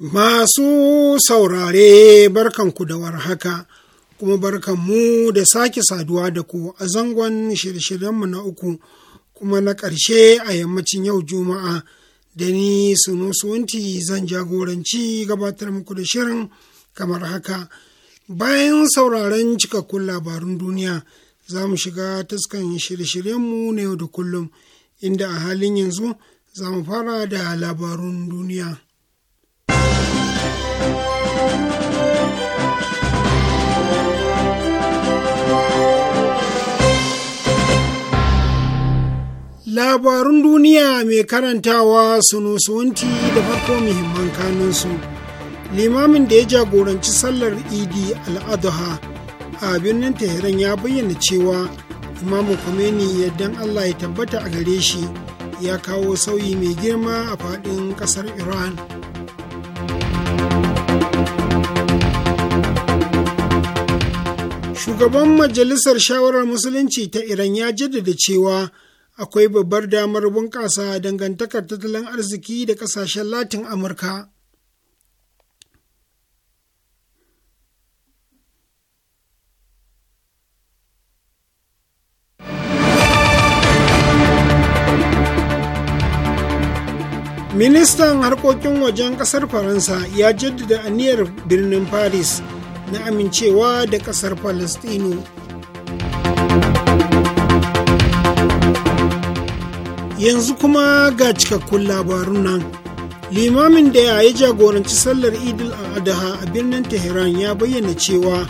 Masu saurare barkanku da warhaka, kuma barkanmu da sake saduwa da ku a zangon shirye-shiryenmu na uku kuma na ƙarshe a yammacin yau Juma'a da ni suno suwanti zan jagoranci gabatar muku da shirin kamar haka. Bayan sauraren cikakkun labarun duniya za mu shiga taskan shirye-shiryenmu na yau da kullum, inda a halin yanzu za mu fara da labarun duniya. Labarun duniya mai karantawa su sunusunti da farko muhimman kanunsu. Limamin da ya jagoranci sallar Idi al'adaha a birnin Tehran ya bayyana cewa Imamu Khomeini yaddan Allah ya tabbata a gare shi ya kawo sauyi mai girma a faɗin ƙasar Iran. Shugaban Majalisar Shawarar Musulunci ta Iran ya jaddada cewa akwai babbar damar bunƙasa dangantakar tattalin arziki da ƙasashen Latin Amurka. Ministan harkokin wajen ƙasar Faransa ya jaddada aniyar birnin Paris na amincewa da ƙasar Falastinu. Yanzu kuma ga cikakkun labarun nan. Limamin da ya jagoranci sallar Idil Adha a birnin Tehran ya bayyana cewa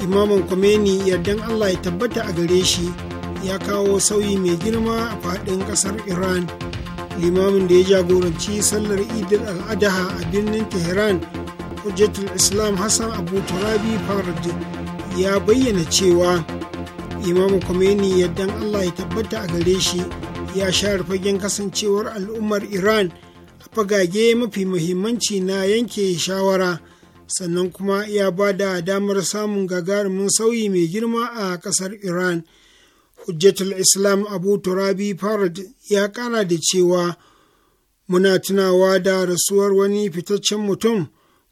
Imaman Khomeini yardan Allah ya tabbata a gare shi ya kawo sauyi mai girma a faɗin ƙasar Iran. Limamin da ya jagoranci sallar Idil Adha a birnin Tehran hujjatul islam hassan abu turabi faradu ya bayyana cewa imamu Khomeini yadda allah ya tabbata a gare shi ya share fagen kasancewar al'ummar iran a fagage mafi muhimmanci na yanke shawara sannan kuma ya ba da damar samun gagarumin sauyi mai girma a kasar iran hujjatul islam abu turabi farad ya kara da cewa muna tunawa da rasuwar wani fitaccen mutum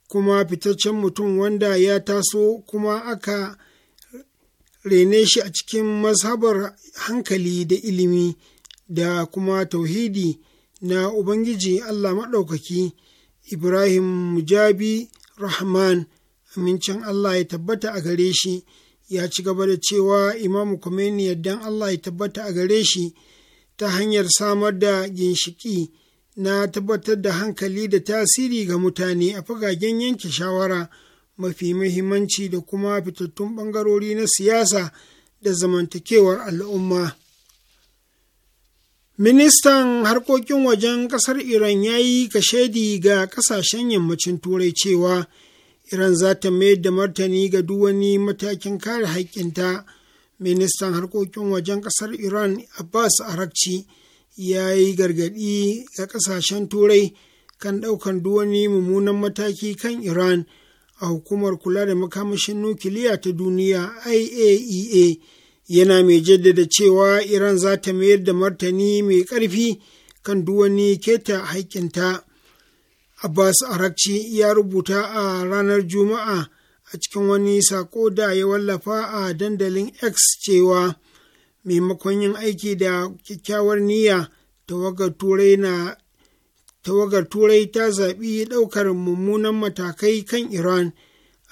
kuma fitaccen mutum wanda ya taso kuma aka rene shi a cikin mazhabar hankali da ilimi da kuma tauhidi na Ubangiji Allah Maɗaukaki Ibrahim Mujabi Rahman amincin Allah ya tabbata a gare shi ya ci gaba da cewa Imam Khomeini yaddan Allah ya tabbata a gare shi ta hanyar samar da ginshiki. na tabbatar da hankali da tasiri ga mutane a fagagen yanke shawara mafi mahimmanci da kuma fitattun ɓangarori na siyasa da zamantakewar al'umma. Ministan harkokin wajen ƙasar Iran ya yi kashedi ga ƙasashen yammacin Turai cewa Iran za ta mayar da martani ga duk wani matakin kare haƙƙinta. Ministan harkokin wajen ƙasar Iran Abbas Arakci ya yi gargaɗi ga ƙasashen turai kan ɗaukan duwani mummunan mataki kan iran a hukumar kula da makamashin nukiliya ta duniya iaea e yana mai jaddada cewa iran za ta mayar da martani mai ƙarfi kan duwani keta haƙƙinta abbas arakci ya rubuta a ranar juma'a a cikin wani sako da ya wallafa a dandalin x cewa maimakon yin aiki da kyakkyawar niyya tawagar turai ta zaɓi ɗaukar mummunan matakai kan iran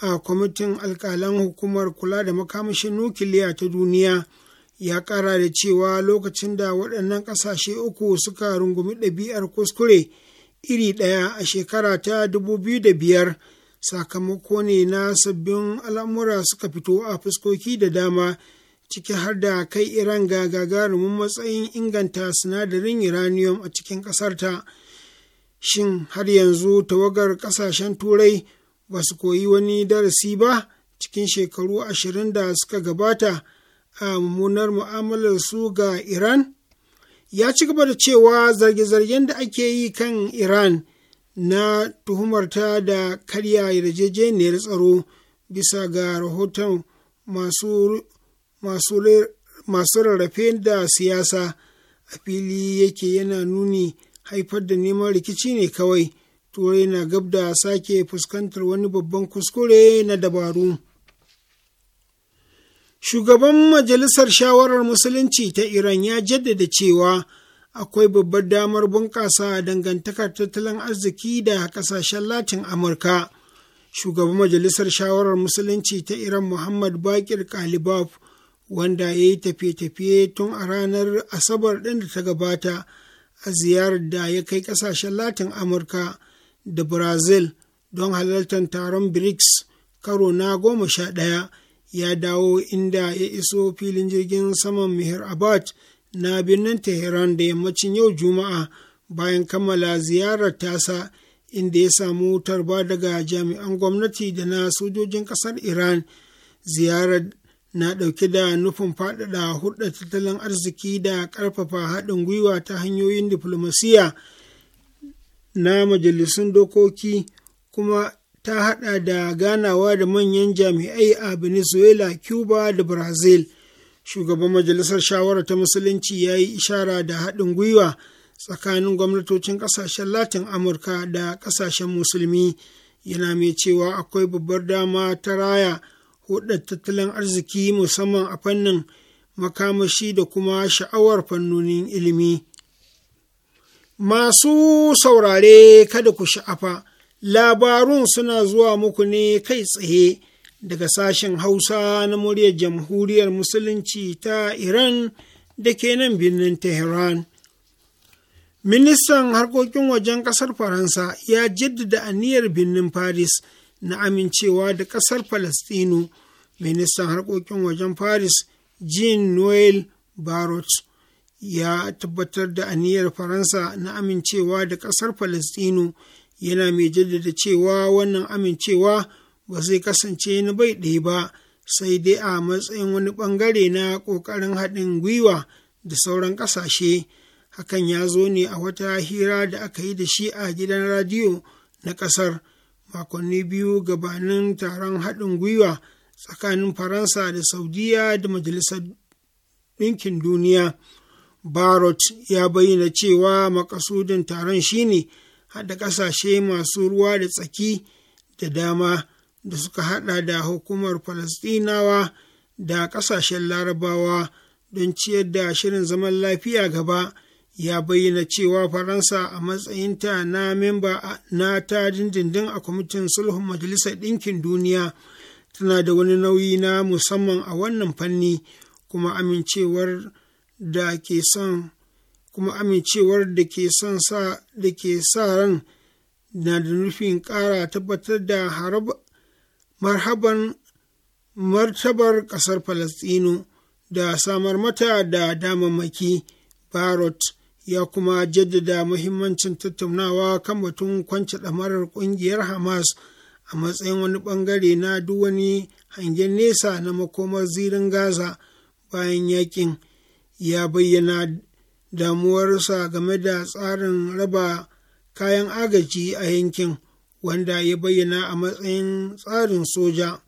a kwamitin alƙalan hukumar kula da makamashin nukiliya ta duniya ya ƙara da cewa lokacin da waɗannan ƙasashe uku suka rungumi ɗabi'ar kuskure iri ɗaya a shekara ta 2005 sakamako ne na sabbin al'amura suka fito a fuskoki da dama ciki har da kai Iran ga gagarumin matsayin inganta sinadarin uranium a cikin ƙasarta. Shin har yanzu tawagar ƙasashen Turai ba su koyi wani darasi ba cikin shekaru ashirin da suka gabata a mummunar mu'amalar su ga Iran? Ya ci gaba da cewa zarge-zargen da ake yi kan Iran na tuhumarta da karya yarjejeniyar tsaro bisa ga rahoton masu masu rarrafe da siyasa a fili yake yana nuni haifar da neman rikici ne kawai turai na gab da sake fuskantar wani babban kuskure na dabaru shugaban majalisar shawarar musulunci ta iran ya jaddada cewa akwai babbar damar bunƙasa dangantakar tattalin arziki da ƙasashen latin amurka shugaban majalisar shawarar musulunci ta iran muhammad bakir kalibaf wanda ya yi tafiye-tafiye tun a ranar asabar ɗin da ta gabata a ziyarar da ya kai ƙasashen latin amurka da brazil don halartar taron brics karo na goma sha ɗaya ya dawo inda ya iso filin jirgin saman mihir abad na birnin tehran da yammacin yau juma'a bayan kammala ziyarar tasa inda ya samu tarba daga jami'an gwamnati da na sojojin ƙasar iran ziyarar na ɗauke da nufin faɗaɗa hulɗar tattalin arziki da ƙarfafa haɗin gwiwa ta hanyoyin diflomasiyya na majalisun dokoki kuma ta haɗa da ganawa da manyan jami'ai a venezuela cuba da brazil shugaban majalisar shawara ta musulunci ya yi ishara da haɗin gwiwa tsakanin gwamnatocin ƙasashen latin amurka da ƙasashen musulmi yana mai cewa akwai babbar dama ta raya hudar tattalin arziki musamman a fannin makamashi da kuma sha'awar fannonin ilimi. Masu saurare kada ku sha'afa, labarun suna zuwa muku ne kai tsaye daga sashen Hausa na muryar Jamhuriyar Musulunci ta Iran da ke nan birnin Tehran. Ministan harkokin wajen ƙasar Faransa ya jaddada aniyar birnin Paris. na amincewa da ƙasar Falastinu, ministan harkokin wajen Paris Jean Noel Barrot ya tabbatar da aniyar Faransa na amincewa da ƙasar Falastinu yana mai jaddada cewa wannan amincewa ba zai kasance na bai ɗaya ba sai dai a matsayin wani ɓangare na ƙoƙarin haɗin gwiwa da sauran ƙasashe. hakan ya zo ne a wata hira da aka yi da shi a gidan radiyo na ƙasar makonni biyu gabanin taron haɗin gwiwa tsakanin faransa da saudiya da majalisar ɗinkin duniya barot ya bayyana cewa makasudin taron shine haɗa ƙasashe masu ruwa da tsaki da dama da suka haɗa da hukumar falastinawa da ƙasashen larabawa don ciyar da shirin zaman lafiya gaba ya bayyana cewa faransa a matsayinta na memba na ta dindindin a kwamitin sulhun majalisar ɗinkin duniya tana da wani nauyi na musamman a wannan fanni kuma amincewar da ke son kuma amincewar da ke son sa da ke sa ran na da nufin ƙara tabbatar da marhaban martabar ƙasar Falastinu da samar mata da damammaki Barot ya kuma jaddada muhimmancin tattaunawa kan batun kwance ɗamarar ƙungiyar hamas a matsayin wani ɓangare na duk wani hangen nesa na makomar zirin gaza bayan yakin ya bayyana damuwarsa game da tsarin raba kayan agaji a yankin wanda ya bayyana a matsayin tsarin soja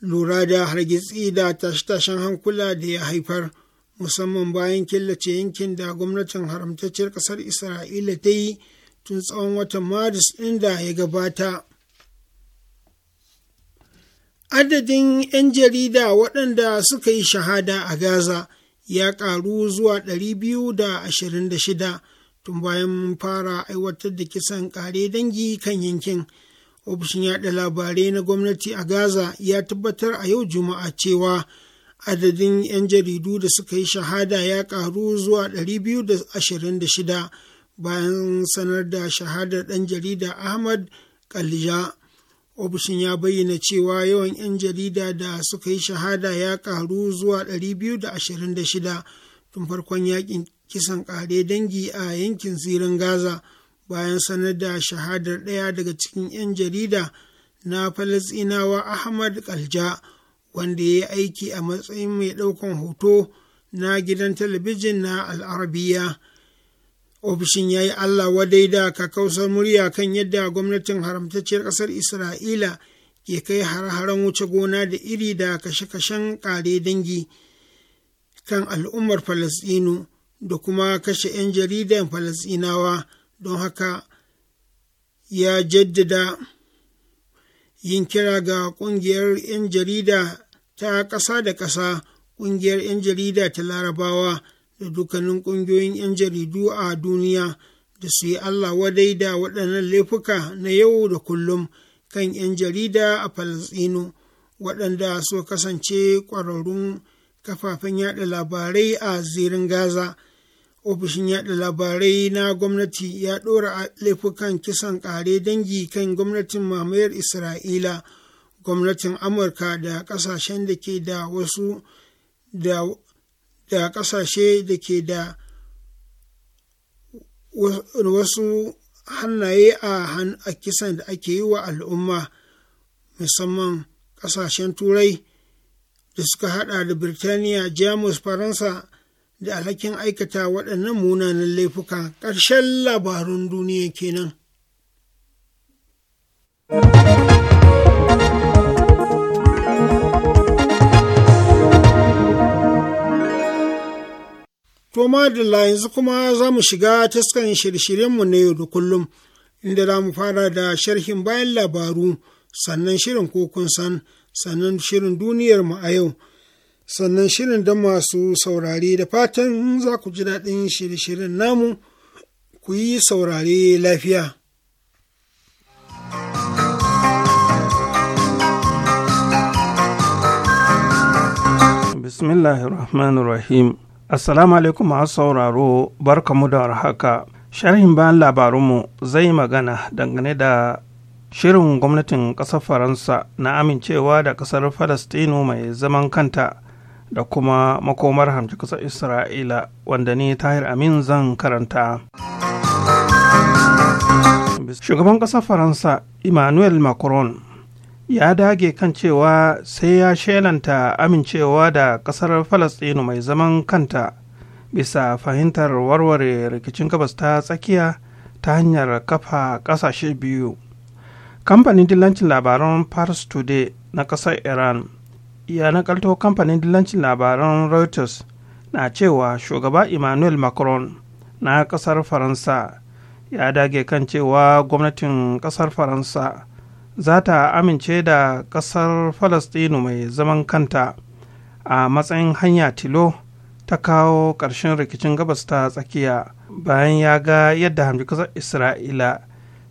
lura da hargitsi da tashe-tashen hankula da ya haifar. musamman bayan killace yankin da gwamnatin haramtacciyar ƙasar isra'ila ta yi tun tsawon watan maris inda ya gabata adadin 'yan jarida waɗanda suka yi shahada a gaza ya ƙaru zuwa 226 tun bayan mun fara aiwatar da kisan ƙare dangi kan yankin ofishin yaɗa labarai na gwamnati a gaza ya tabbatar a yau juma'a cewa adadin 'yan jaridu da suka yi shahada ya karu zuwa 226 bayan sanar da shahadar ɗan jarida ahmad kalija ofishin ya bayyana cewa yawan 'yan jarida da suka yi shahada ya karu zuwa 226 tun farkon yakin kisan kare dangi a yankin zirin gaza bayan sanar da shahadar ɗaya daga cikin 'yan jarida na falasinawa ahmad kalja wanda ya yi aiki a matsayin mai ɗaukan hoto na gidan talabijin na al'arabiya ofishin ya yi allah wadai da kakausar murya kan yadda gwamnatin haramtacciyar ƙasar isra'ila ke kai har-haren wuce gona da iri da kashe-kashen ƙare dangi kan al'ummar falasɗinu da kuma kashe 'yan jaridan falasɗinawa don haka ya jaddada yin kira ga ƙungiyar 'yan jarida ta ƙasa da ƙasa ƙungiyar 'yan jarida ta larabawa da dukkanin ƙungiyoyin 'yan jaridu a duniya da su yi allah wadai da waɗannan laifuka na yau da kullum kan 'yan jarida a falasɗinu waɗanda su kasance ƙwararrun kafafen yaɗa labarai a zirin gaza ofishin yaɗa labarai na gwamnati ya ɗora laifukan kisan ƙare dangi kan gwamnatin mamayar isra'ila gwamnatin amurka da kasashen da ke da wasu da kasashe da ke da wasu hannaye a kisan da ake yi wa al'umma musamman kasashen turai da suka hada da birtaniya jamus faransa da alhakin aikata waɗannan munanan laifuka ƙarshen labarun duniya kenan. To madalla yanzu kuma za mu shiga taskan shirye-shiryenmu na yau da kullum, inda za mu fara da sharhin bayan labaru, sannan shirin kokun san, sannan shirin duniyar mu a yau, sannan shirin da masu saurare da fatan za ku ji daɗin shirye-shiryen namu ku yi saurare lafiya. Bismillahirrahmanirrahim. Assalamu alaikum masu sauraro barkamu da haka Sharhin bayan labarunmu zai magana dangane da shirin gwamnatin ƙasar Faransa na amincewa da ƙasar Falastinu mai zaman kanta da kuma makomar hamci ƙasar Isra'ila wanda ni Tahir Amin zan karanta. Shugaban ƙasar Faransa Emmanuel Macron ya dage kan cewa sai ya shelanta amincewa da ƙasar Falasɗinu mai zaman kanta bisa fahimtar warware rikicin gabas ta tsakiya ta hanyar kafa ƙasashe biyu. Kamfanin dillancin labaran Paris Today na ƙasar Iran ya nakalto kamfanin dillancin labaran Reuters na cewa shugaba Emmanuel Macron na ƙasar Faransa ya dage kan cewa gwamnatin ƙasar Faransa. za ta amince da ƙasar falastinu mai zaman kanta a matsayin hanya tilo ta kawo ƙarshen rikicin gabas ta tsakiya bayan ya ga yadda hamji ƙasar isra'ila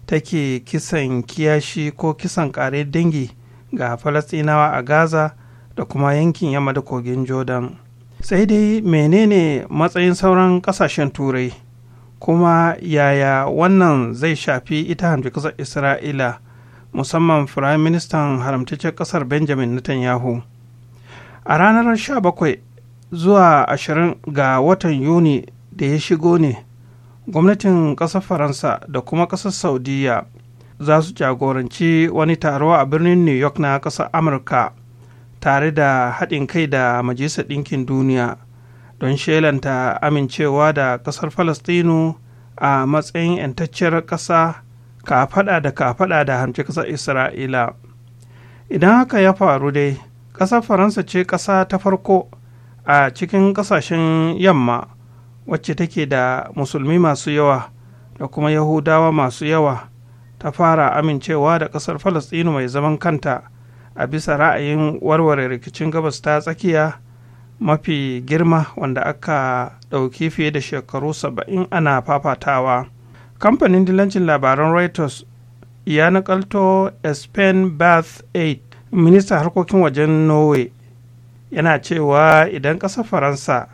take kisan kiyashi ko kisan ƙare dangi ga falastinawa a gaza da kuma yankin yamma da kogin jordan sai dai menene matsayin sauran ƙasashen turai kuma yaya wannan zai shafi ita hamji ƙasar isra'ila musamman firayim ministan haramtaccen kasar benjamin netanyahu a ranar 17 zuwa 20 ga watan yuni da ya shigo ne gwamnatin kasar faransa da kuma kasar saudiya za su jagoranci wani taro a birnin new york na kasar amurka tare da haɗin kai da majalisar ɗinkin duniya don shelanta amincewa da kasar falastinu a matsayin 'yantacciyar ƙasa Ka faɗa da ka faɗa da hamci ƙasar isra'ila idan haka ya faru dai ƙasar faransa ce ƙasa ta farko a cikin ƙasashen yamma wacce take da musulmi masu yawa da kuma yahudawa masu yawa ta fara amincewa da ƙasar Falasɗinu mai zaman kanta a bisa ra'ayin warware rikicin gabas ta tsakiya mafi girma wanda aka ɗauki fiye da shekaru saba'in ana fafatawa kamfanin dilancin labaran reuters ya nakalto spain bath 8 ministan harkokin wajen norway yana cewa idan ƙasar faransa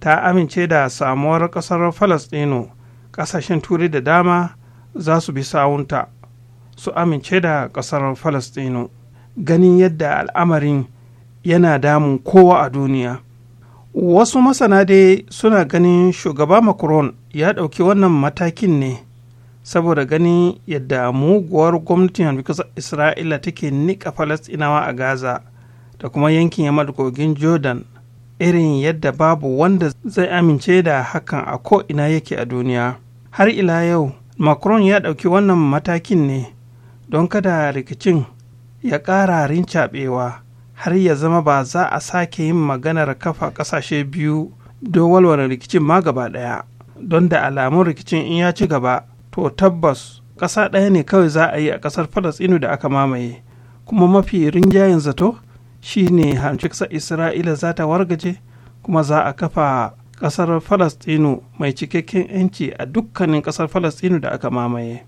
ta amince da samuwar ƙasar falastino ƙasashen turai da dama za su bi sawunta su amince da ƙasar falastino ganin yadda al'amarin yana damun kowa a duniya wasu masana dai suna ganin shugaba macron ya ɗauki wannan matakin ne saboda gani yadda muguwar gwamnatin bikin isra'ila take nika falastinawa a gaza da kuma yankin yamma kogin jordan irin yadda babu wanda zai amince da hakan a ina yake a duniya har ila yau macron ya ɗauki wannan matakin ne don kada rikicin ya ƙara rincaɓewa har ya zama ba za a sake yin maganar kafa ƙasashe biyu don walwala rikicin ma gaba ɗaya don da alamun rikicin in ya ci gaba to tabbas ƙasa ɗaya ne kawai za a yi a ƙasar falasɗinu da aka mamaye kuma mafi rinjayen zato shi shine hamshiksa isra'ila za ta wargaje kuma za a kafa ƙasar falasɗinu mai cikakken 'yanci a dukkanin ƙasar falasɗinu da aka mamaye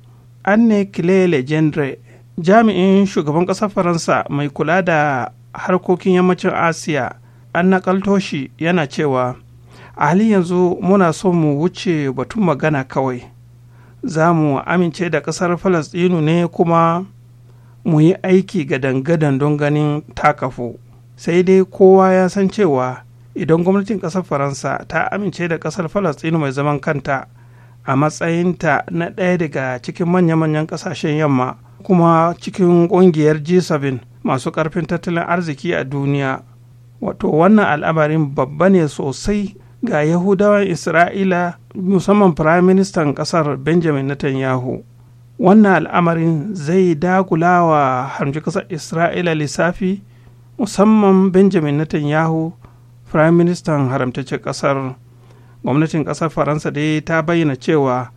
anne kilele gendre jami'in shugaban ƙasar faransa mai kula da harkokin yammacin asiya an naƙalto shi yana cewa a halin yanzu muna so mu wuce batun magana kawai za mu amince da ƙasar falastinu ne kuma mu yi aiki ga dangadan don ganin takafu sai dai kowa ya san cewa idan gwamnatin ƙasar faransa ta amince da ƙasar falastinu mai zaman kanta a matsayinta na ɗaya daga cikin manya-manyan ƙasashen yamma kuma cikin ƙungiyar g7 masu ƙarfin tattalin arziki a duniya wato wannan al'amarin babba ne sosai ga yahudawan isra'ila musamman firaministan ƙasar benjamin netanyahu wannan al'amarin zai dakulawa harmci ƙasar isra'ila lissafi musamman benjamin netanyahu firaministan haramtaccen ƙasar gwamnatin ƙasar faransa dai ta bayyana cewa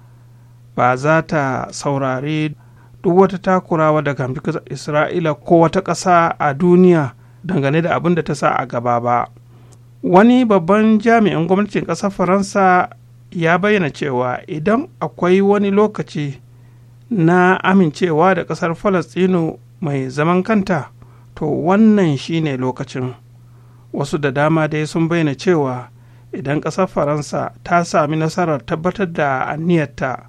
ba za ta saurari duk wata takurawa daga hamdukar isra'ila ko wata ƙasa a duniya dangane da abin da ta sa a gaba ba wani babban jami'in gwamnatin ƙasar faransa ya bayyana cewa idan akwai wani lokaci na amincewa da ƙasar falastinu mai zaman kanta to wannan shine lokacin wasu da dama dai sun bayyana cewa idan ƙasar faransa ta sami nasarar tabbatar da aniyarta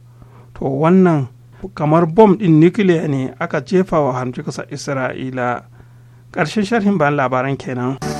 to wannan kamar bom ɗin nukiliya ne aka jefa wa harbi ƙasar isra'ila ƙarshen sharhin bayan labaran kenan.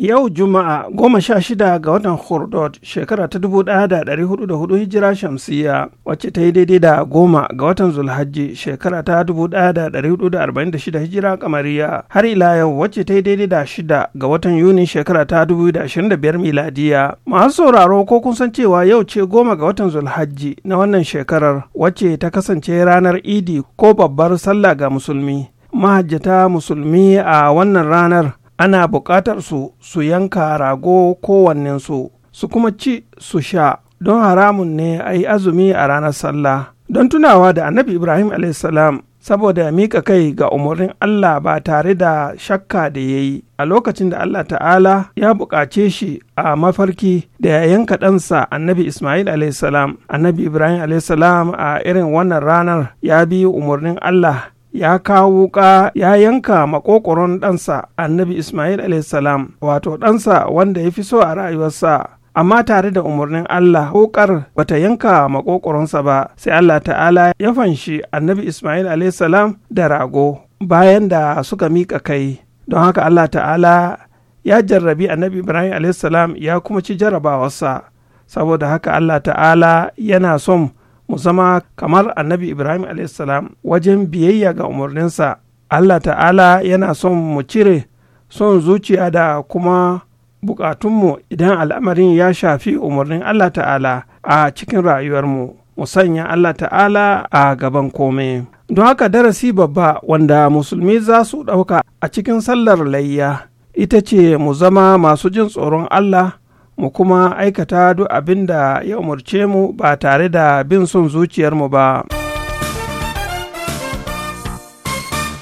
Yau Juma'a goma sha shida ga watan Hurdot shekara ta dubu ɗaya da dari hudu da hudu hijira shamsiya wacce ta yi daidai da goma ga watan Zulhajji shekara ta dubu ɗaya da dari hudu da arba'in da shida hijira kamariya har ila yau wacce ta yi daidai da shida ga watan Yuni shekara ta dubu da ashirin da biyar miladiya. Masu sauraro ko kun san cewa yau ce goma ga watan Zulhajji na wannan shekarar wacce ta kasance ranar Idi ko babbar sallah ga musulmi. Mahajjata musulmi a wannan ranar ana buƙatar su su yanka rago kowannensu su su kuma ci su sha don haramun ne a yi azumi a ranar sallah don tunawa da annabi ibrahim salam saboda ya mika kai ga umarnin allah ba tare da shakka da ya yi a lokacin da allah ta'ala ya buƙace shi a mafarki da ya yanka ɗansa annabi ismail salam annabi ibrahim salam a irin wannan ranar ya bi umarnin allah ya kawo wuka ya yanka makokoron ɗansa annabi Ismail salam wato ɗansa wanda ya fi so a rayuwarsa. Amma tare da umarnin Allah wukar bata yanka makokoronsa ba sai Allah ta'ala ya fanshi annabi Ismail salam da rago bayan da suka miƙa kai. Don haka Allah ta'ala ya jarrabi annabi Ibrahim salam ya kuma ci jarrabawarsa. Saboda haka Allah ta'ala yana son mu zama kamar annabi ibrahim salam wajen biyayya ga umarninsa allah ta'ala yana son mu cire son zuciya da kuma bukatunmu idan al'amarin ya shafi umarnin allah ta'ala a cikin rayuwarmu mu sanya allah ta'ala a gaban kome don haka darasi babba wanda musulmi za su ɗauka a cikin sallar layya ita ce mu zama masu jin tsoron allah mu kuma aikata duk abin da ya umarce mu ba tare da bin son zuciyarmu ba.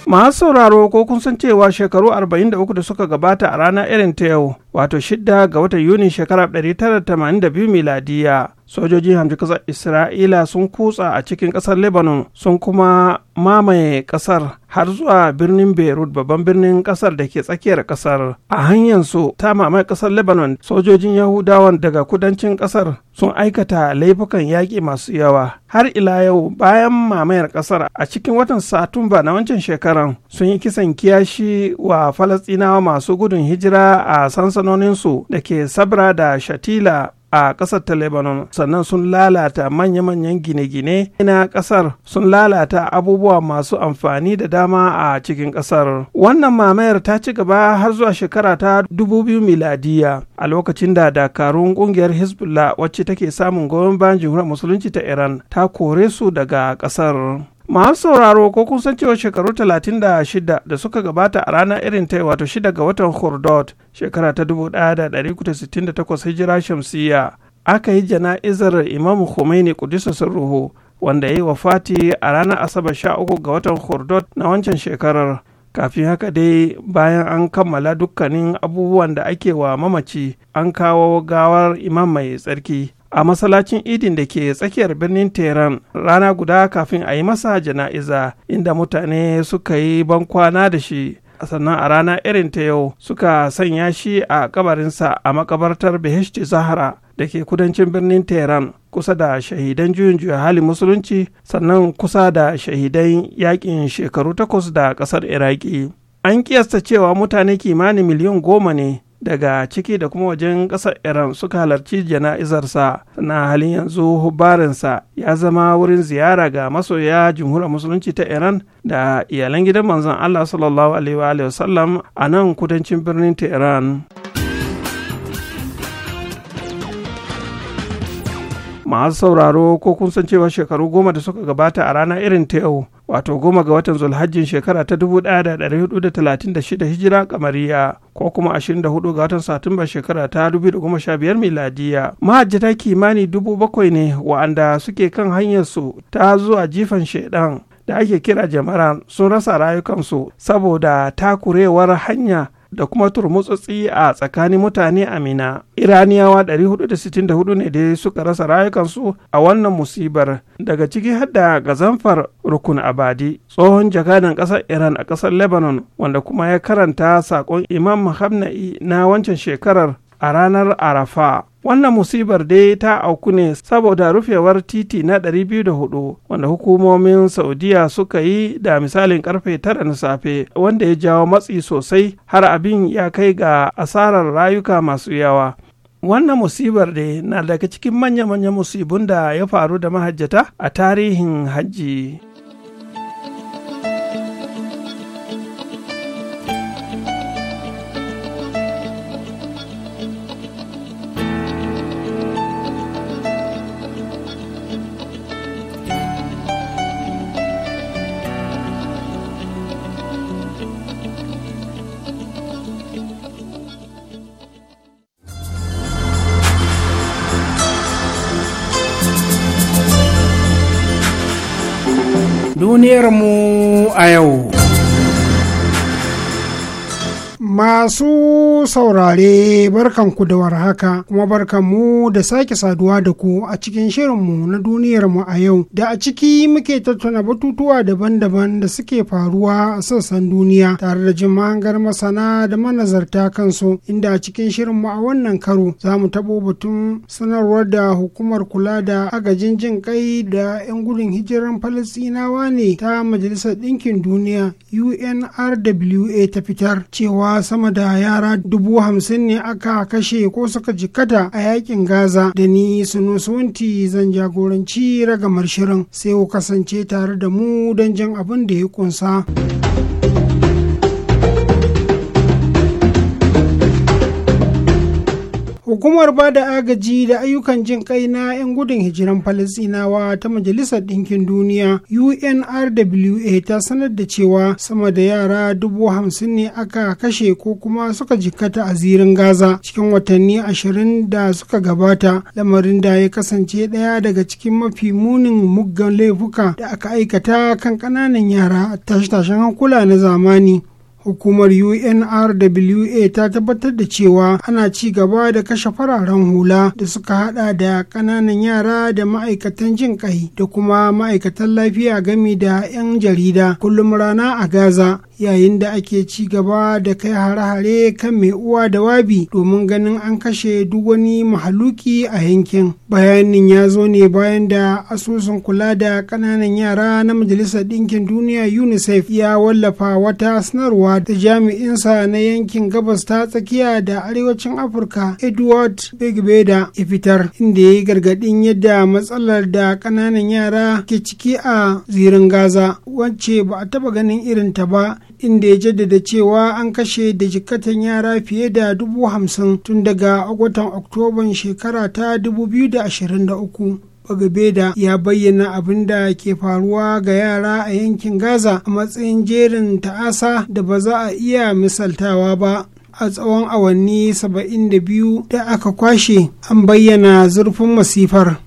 masu sauraro ko kun san cewa shekaru 43 da suka gabata a rana irin ta yau wato shidda ga watan yunin shekara 1982 miladiya sojoji hamji kasar isra'ila sun kutsa a cikin kasar lebanon sun kuma mamaye kasar har zuwa birnin beirut babban birnin kasar da ke tsakiyar kasar a hanyar su ta mamaye kasar lebanon sojojin yahudawan daga kudancin kasar sun aikata laifukan yaƙi masu yawa har ila yau bayan mamayar kasar a cikin watan satumba na wancan shekaran sun yi kisan kiyashi wa falastinawa masu gudun hijira a sansanoninsu da ke sabra da shatila a ƙasar ta lebanon sannan sun lalata manya-manyan gine-gine na ƙasar sun lalata abubuwa masu amfani da dama a cikin ƙasar wannan mamayar ta ci gaba har zuwa shekara ta 2000 miladiya a lokacin da dakarun ƙungiyar hezbollah wacce take samun goyon bayan jihuwar musulunci ta iran ta kore su daga ƙasar masu sauraro ko kun san cewa shekaru 36 da suka gabata a ranar irin ta wato 6 ga watan Hordot shekara ta 1968 hijira shamsiya aka yi jana'izar imam khomeini kudisa ruhu wanda ya yi wafati a ranar asabar 13 ga watan Hordot na wancan shekarar kafin haka dai bayan an kammala dukkanin abubuwan da ake wa mamaci an kawo gawar imam mai tsarki a masallacin idin da ke tsakiyar birnin tehran rana guda kafin a yi masa jana'iza inda mutane suka yi bankwana da shi sannan a rana irin ta yau suka sanya shi a kabarinsa a makabartar beheshti zahara da ke kudancin birnin tehran kusa da shahidan juyin juya hali musulunci sannan kusa da shahidan yakin shekaru takwas da kasar iraki an kiyasta cewa mutane kimanin miliyan goma ne daga ciki da kuma wajen ƙasar iran suka halarci jana'izarsa na halin yanzu hubarinsa ya zama wurin ziyara ga masoya jamhuriyar musulunci ta iran da iyalan gidan manzon allah sallallahu alaihi wasallam a nan kudancin birnin ta Iran. masu sauraro ko kun san cewa shekaru goma da suka gabata a rana irin ta yau wato goma ga watan zulhajjin shekara ta 1436 hijira kamariya ko kuma 24 ga watan satumba shekara ta 2015 miladiya mahajjata kimani dubu bakwai ne wa'anda suke kan hanyarsu ta zuwa jifan shaidan da ake kira jamara sun rasa rayukansu saboda takurewar hanya da kuma turmutsutsi a tsakanin mutane a mina iraniyawa 464 ne da suka rasa rayukansu a wannan musibar daga ciki hadda gazanfar rukun abadi tsohon jakadan ƙasar iran a ƙasar lebanon wanda kuma ya karanta saƙon imam hamna'i na wancan shekarar a ranar arafa wannan musibar dai ta auku ne saboda rufewar titi na 204 wanda hukumomin saudiya suka yi da misalin karfe 9 na safe wanda ya jawo matsi sosai har abin ya kai ga asarar rayuka masu yawa wannan musibar dai na daga cikin manya-manyan musibun da ya faru da mahajjata a tarihin hajji. duniyarmu a yau. Masu saurare barkan ku da warhaka kuma mu da sake saduwa da ku a cikin shirinmu na duniyarmu a yau da a ciki muke tattauna batutuwa daban-daban da suke faruwa a sassan duniya tare da jin mahangar masana da manazarta kansu inda a cikin shirinmu a wannan karo za mu taɓo batun sanarwar da hukumar kula da agajin jin kai da 'yan gudun hijiran falasinawa ne ta Majalisar Ɗinkin Duniya UNRWA ta fitar cewa sama da yara dubu hamsin ne aka kashe ko suka jikata a yakin gaza da ni sunu suwanti zan jagoranci ragamar shirin sai ku kasance tare da mu don jan abin da ya kunsa. Hukumar ba da agaji da ayyukan jin kai na 'yan gudun hijiran Falasinawa ta Majalisar Ɗinkin Duniya UNRWA ta sanar da cewa sama da yara dubu hamsin ne aka kashe ko kuma suka jikkata a zirin Gaza cikin watanni ashirin da suka gabata lamarin da ya kasance ɗaya daga cikin mafi munin muggan laifuka da aka aikata kan ƙananan yara a tashe-tashen hankula na zamani. hukumar unrwa ta tabbatar da cewa ana ci gaba da kashe fararen hula da suka hada da kananan yara da ma'aikatan jin kai da kuma ma'aikatan lafiya gami da 'yan jarida kullum rana a gaza yayin da ake ci gaba da kai hare-hare kan mai uwa da wabi domin ganin an kashe duk wani mahaluki a yankin bayanin ya zo ne bayan da asusun kula da kananan yara na majalisar ɗinkin duniya unicef ya wallafa wata sanarwa ta da jami'insa na yankin gabas ta tsakiya da arewacin afirka edward begbeda ya fitar inda ya yi gargaɗin yadda matsalar da ƙananan yara ke ciki a zirin gaza wacce ba a taɓa ganin irin ta ba inda ya jaddada cewa an kashe da jikatan yara fiye da dubu hamsin tun daga watan oktoban shekara ta 2023 bagabeda ya bayyana abin da ke faruwa ga yara a yankin gaza a matsayin jerin ta'asa da ba za a iya misaltawa ba a tsawon awanni 72 da aka kwashe an bayyana zurfin masifar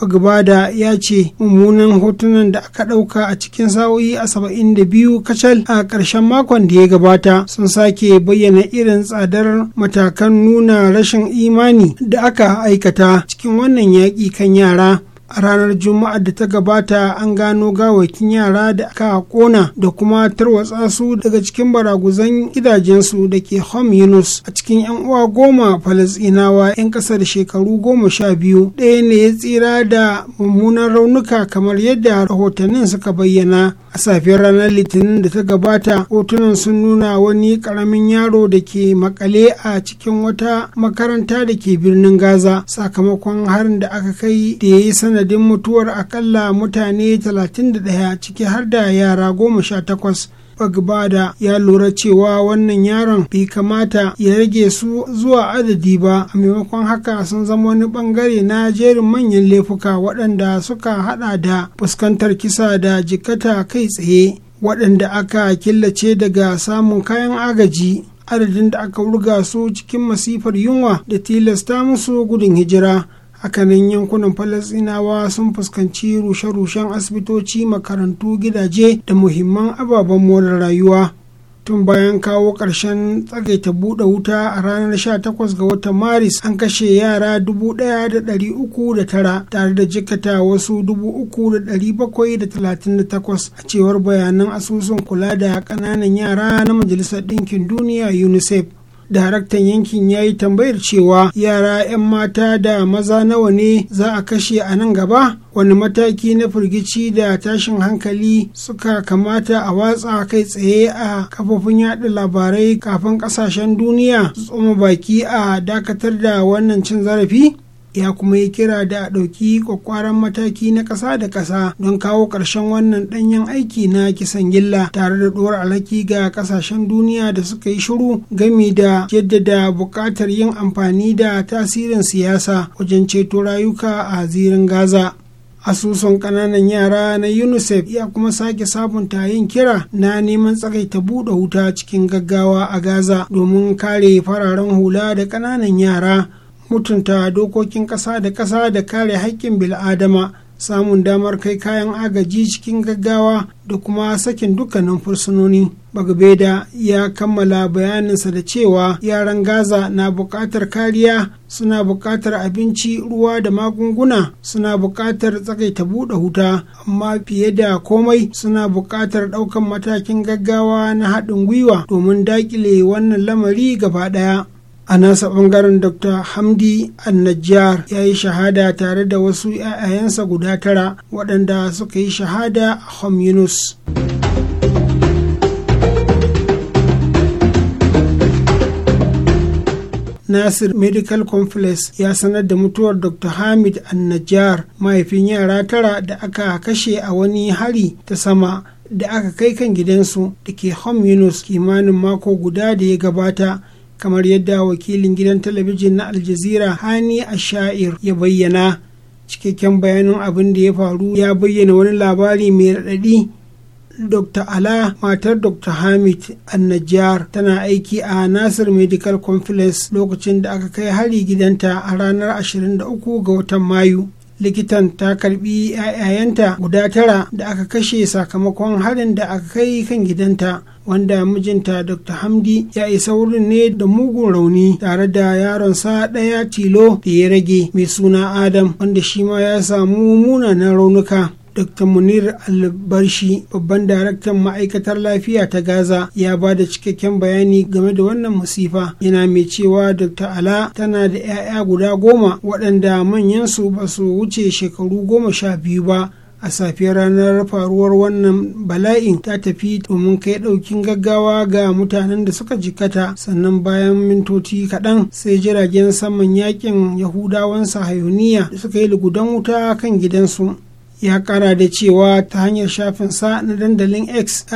bagbada ya ce mummunan hotunan da aka ɗauka a cikin sa'o'i a saba'in da biyu kacal a ƙarshen makon da ya gabata sun sake bayyana irin tsadar matakan nuna rashin imani da aka aikata cikin wannan yaƙi kan yara a ranar juma'ar da ta gabata an gano gawakin yara da aka kona da kuma tarwatsa su daga cikin baraguzan gidajensu da ke Home yunus a cikin yan uwa goma falasinawa yan kasa da shekaru goma sha biyu ɗaya ne ya tsira da mummunan raunuka kamar yadda rahotannin suka bayyana a safiyar ranar litinin da ta gabata hotunan sun nuna wani karamin yaro da ke makale a cikin wata makaranta da ke birnin gaza sakamakon harin da aka kai da ya yi sanar sanadin mutuwar akalla mutane 31 ciki har da yara 18 Bagbada ya lura cewa wannan yaron bai kamata ya rage su zuwa adadi ba a maimakon haka sun zama wani bangare na jerin manyan laifuka waɗanda suka hada da fuskantar kisa da jikata kai tsaye waɗanda aka killace daga samun kayan agaji adadin da aka wurga su cikin masifar yunwa da tilasta musu gudun hijira hakanan yankunan falasinawa sun fuskanci rushe-rushen asibitoci makarantu gidaje da muhimman ababen more rayuwa tun bayan kawo ƙarshen tsagaita buɗe wuta a ranar 18 ga watan maris an kashe yara 1,309 tare da jikata wasu 3,738 a cewar bayanan asusun kula da ƙananan yara na majalisar ɗinkin duniya unicef daraktan yankin ya yi tambayar cewa yara 'yan mata da maza nawa ne za a kashe a nan gaba wani mataki na firgici da tashin hankali suka kamata a watsa kai tsaye a kafofin yaɗa labarai kafin ƙasashen duniya su tsoma baki a dakatar da wannan cin zarafi ya kuma yi kira da a ɗauki kwakwaran mataki na ƙasa da ƙasa don kawo ƙarshen wannan ɗanyen aiki na kisan gilla tare da ɗora alhaki ga ƙasashen duniya da suka yi shiru gami da jaddada buƙatar yin amfani da tasirin siyasa wajen ceto rayuka a zirin gaza asusun ƙananan yara na unicef ya kuma sake sabunta yin kira na neman tsakaita buɗe wuta cikin gaggawa a gaza domin kare fararen hula da ƙananan yara mutunta dokokin ƙasa da ƙasa da kare haƙƙin bil'adama samun damar kai kayan agaji cikin gaggawa da kuma sakin dukkanin fursunoni bagbeda ya kammala bayaninsa da cewa yaran gaza na buƙatar kariya suna buƙatar abinci ruwa da magunguna suna buƙatar tsakaita buɗe huta amma fiye da komai suna buƙatar ɗaukan matakin gaggawa na haɗin gwiwa domin daƙile wannan lamari gaba ɗaya a nasa ɓangaren dr hamdi annajjar ya yi shahada tare da wasu 'ya'yansa guda tara waɗanda suka yi shahada a hom yunus Nasir Medical Complex ya sanar da mutuwar Dr. Hamid Annajjar mahaifin yara tara da aka kashe a wani hari ta sama da aka kai kan gidansu da ke Home Yunus kimanin mako guda da ya gabata kamar yadda wakilin gidan talabijin na aljazira hani asha'ir ya bayyana cikakken bayanin abin da ya faru ya bayyana wani labari mai raɗaɗi dr ala matar dr hamid annajar tana aiki a nasir medical complex lokacin da aka kai hari gidanta a ranar 23 ga watan mayu likitan ta karbi 'ya'yanta guda tara da aka kashe sakamakon harin da aka kai kan gidanta wanda mijinta dr hamdi ya isa wurin ne da mugun rauni tare da yaron sa ɗaya tilo da ya rage mai suna adam wanda shi ma ya samu munanan raunuka Dr. Munir Albarshi babban daraktan ma'aikatar lafiya ta Gaza ya ba da cikakken bayani game da wannan masifa yana mai cewa Dr. Ala tana da 'ya'ya guda goma waɗanda manyansu ba su wuce shekaru goma sha biyu ba a safiyar ranar faruwar wannan bala'in ta tafi domin kai daukin gaggawa ga mutanen da suka jikata sannan bayan mintoci kaɗan sai jiragen saman yakin yahudawan sahayuniya da suka yi lugudan wuta kan gidansu ya kara da cewa ta hanyar shafin sa na dandalin x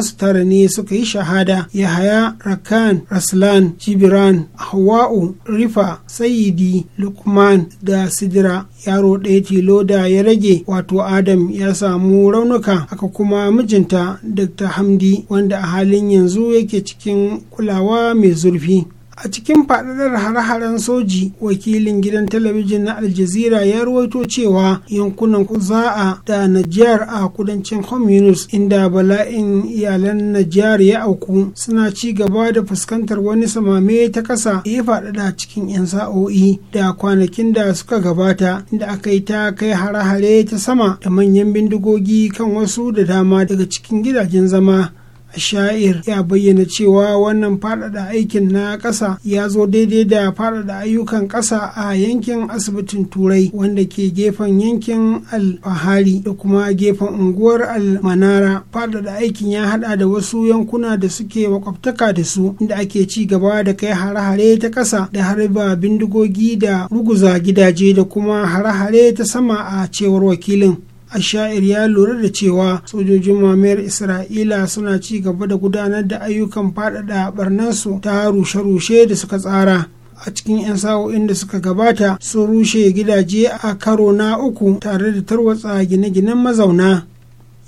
su tara ne suka yi shahada yahaya rakan raslan jibiran hawa'u rifa sayidi lukman da sidira yaro ɗaya tilo da ya rage wato adam ya samu raunuka aka kuma mijinta dr hamdi wanda a halin yanzu yake cikin kulawa mai zurfi a cikin faɗaɗar hare-haren soji wakilin gidan talabijin na aljazira ya ruwaito cewa yankunan za'a da najiyar a kudancin communist inda bala'in iyalan najiyar ya auku suna ci gaba da fuskantar wani samame ta ƙasa ya faɗaɗa cikin 'yan sa'o'i da kwanakin da suka gabata inda aka yi ta kai hare-hare ta sama da manyan bindigogi kan wasu da dama daga cikin gidajen zama sha'ir ya bayyana cewa wannan faɗaɗa aikin na ƙasa ya zo daidai da faɗaɗa ayyukan ƙasa a yankin asibitin turai wanda ke gefen yankin alfahari da kuma gefen unguwar almanara faɗaɗa aikin ya haɗa da wasu yankuna da suke makwabtaka da su inda ake ci gaba da kai hare-hare ta ƙasa da harba bindigogi da ruguza gidaje da kuma hare-hare ta sama a cewar wakilin asha'ir ya lura da cewa sojojin mamayar isra'ila suna ci gaba da gudanar da ayyukan faɗaɗa su ta rushe-rushe da suka tsara a cikin 'yan sa'o'in da suka gabata sun rushe gidaje a karo na uku tare da tarwatsa gine-ginen mazauna